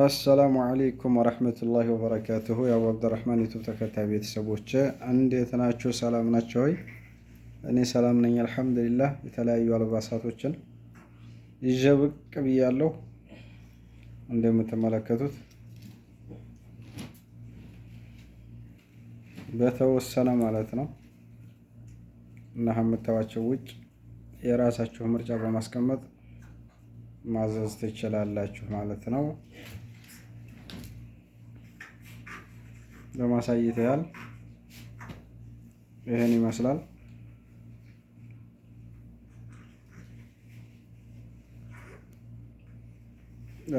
አሰላሙ አለይኩም ወረህመቱላሂ ወበረካቱሁ። የአቡ አብድራህማን ዩቱብ ተከታይ ቤተሰቦች እንዴት ናችሁ? ሰላም ናቸው ወይ? እኔ ሰላም ነኝ አልሐምዱሊላህ። የተለያዩ አልባሳቶችን ይዤ ብቅ ብያለሁ። እንደምትመለከቱት በተወሰነ ማለት ነው እና ከምታዋቸው ውጭ የራሳችሁ ምርጫ በማስቀመጥ ማዘዝ ትችላላችሁ ማለት ነው። ለማሳየት ያህል ይህን ይመስላል።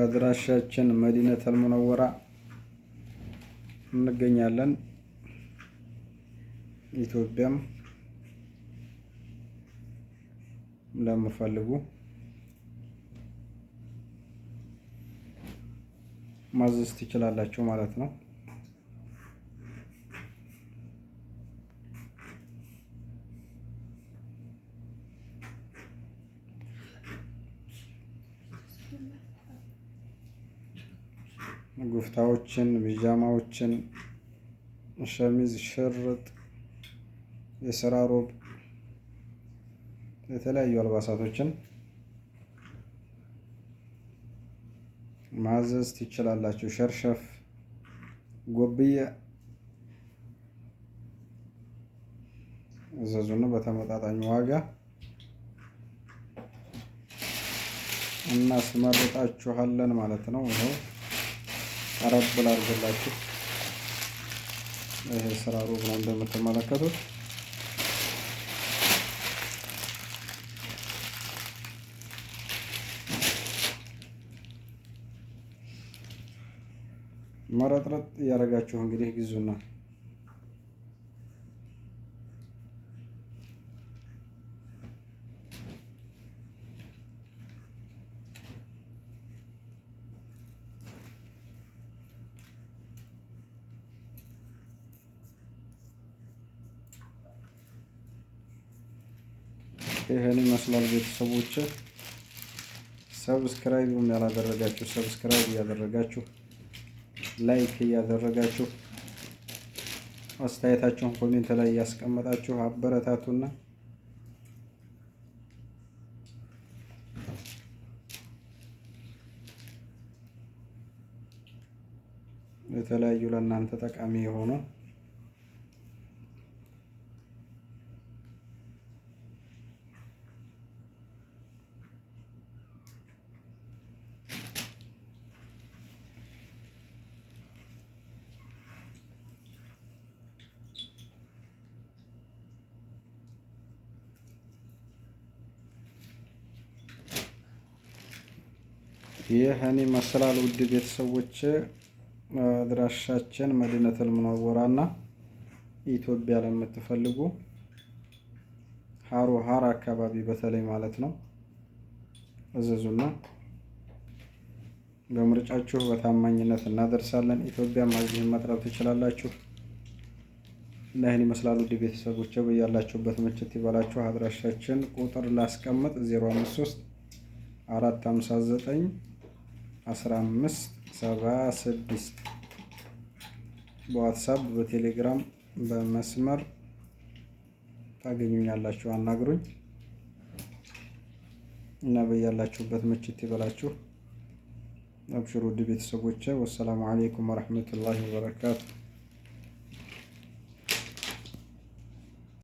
አድራሻችን መዲነቱል ሙነወራ እንገኛለን። ኢትዮጵያም ለምፈልጉ ማዘዝ ትችላላችሁ ማለት ነው። ጉፍታዎችን፣ ቢጃማዎችን፣ ሸሚዝ፣ ሽርጥ፣ የስራ ሮብ የተለያዩ አልባሳቶችን ማዘዝ ትችላላችሁ። ሸርሸፍ ጎብዬ እዘዙን በተመጣጣኝ ዋጋ እናስመርጣችኋለን ማለት ነው። ይኸው ቀረብ ላድርግላችሁ። ይሄ ስራ ሩብ ነው እንደምትመለከቱት። መረጥረጥ እያደረጋችሁ እንግዲህ ግዙና ይህን ይመስላል ቤተሰቦች። ሰብስክራይብ ያላደረጋችሁ ሰብስክራይብ እያደረጋችሁ ላይክ እያደረጋችሁ አስተያየታችሁን ኮሜንት ላይ እያስቀመጣችሁ አበረታቱና የተለያዩ ለእናንተ ጠቃሚ የሆኑ ይህ እኔ መሰላል ውድ ቤተሰቦች አድራሻችን መዲነቱል ሙነወራና ኢትዮጵያ ለምትፈልጉ ሀሮ ሀር አካባቢ በተለይ ማለት ነው እዘዙና በምርጫችሁ በታማኝነት እናደርሳለን። ኢትዮጵያ ማግኘት መጥራት ትችላላችሁ። እና ይህን ይመስላሉ ውድ ቤተሰቦች በያላችሁበት ምችት ይበላችሁ። አድራሻችን ቁጥር ላስቀምጥ 053 459 አስራ አምስት ሰባ ስድስት በዋትሳፕ በቴሌግራም በመስመር ታገኙኛላችሁ። አናግሩኝ እና በያላችሁበት ምችት ይበላችሁ። አብሽሩ ውድ ቤተሰቦቼ። ወሰላሙ አሌይኩም ወረሕመቱላሂ ወበረካቱ።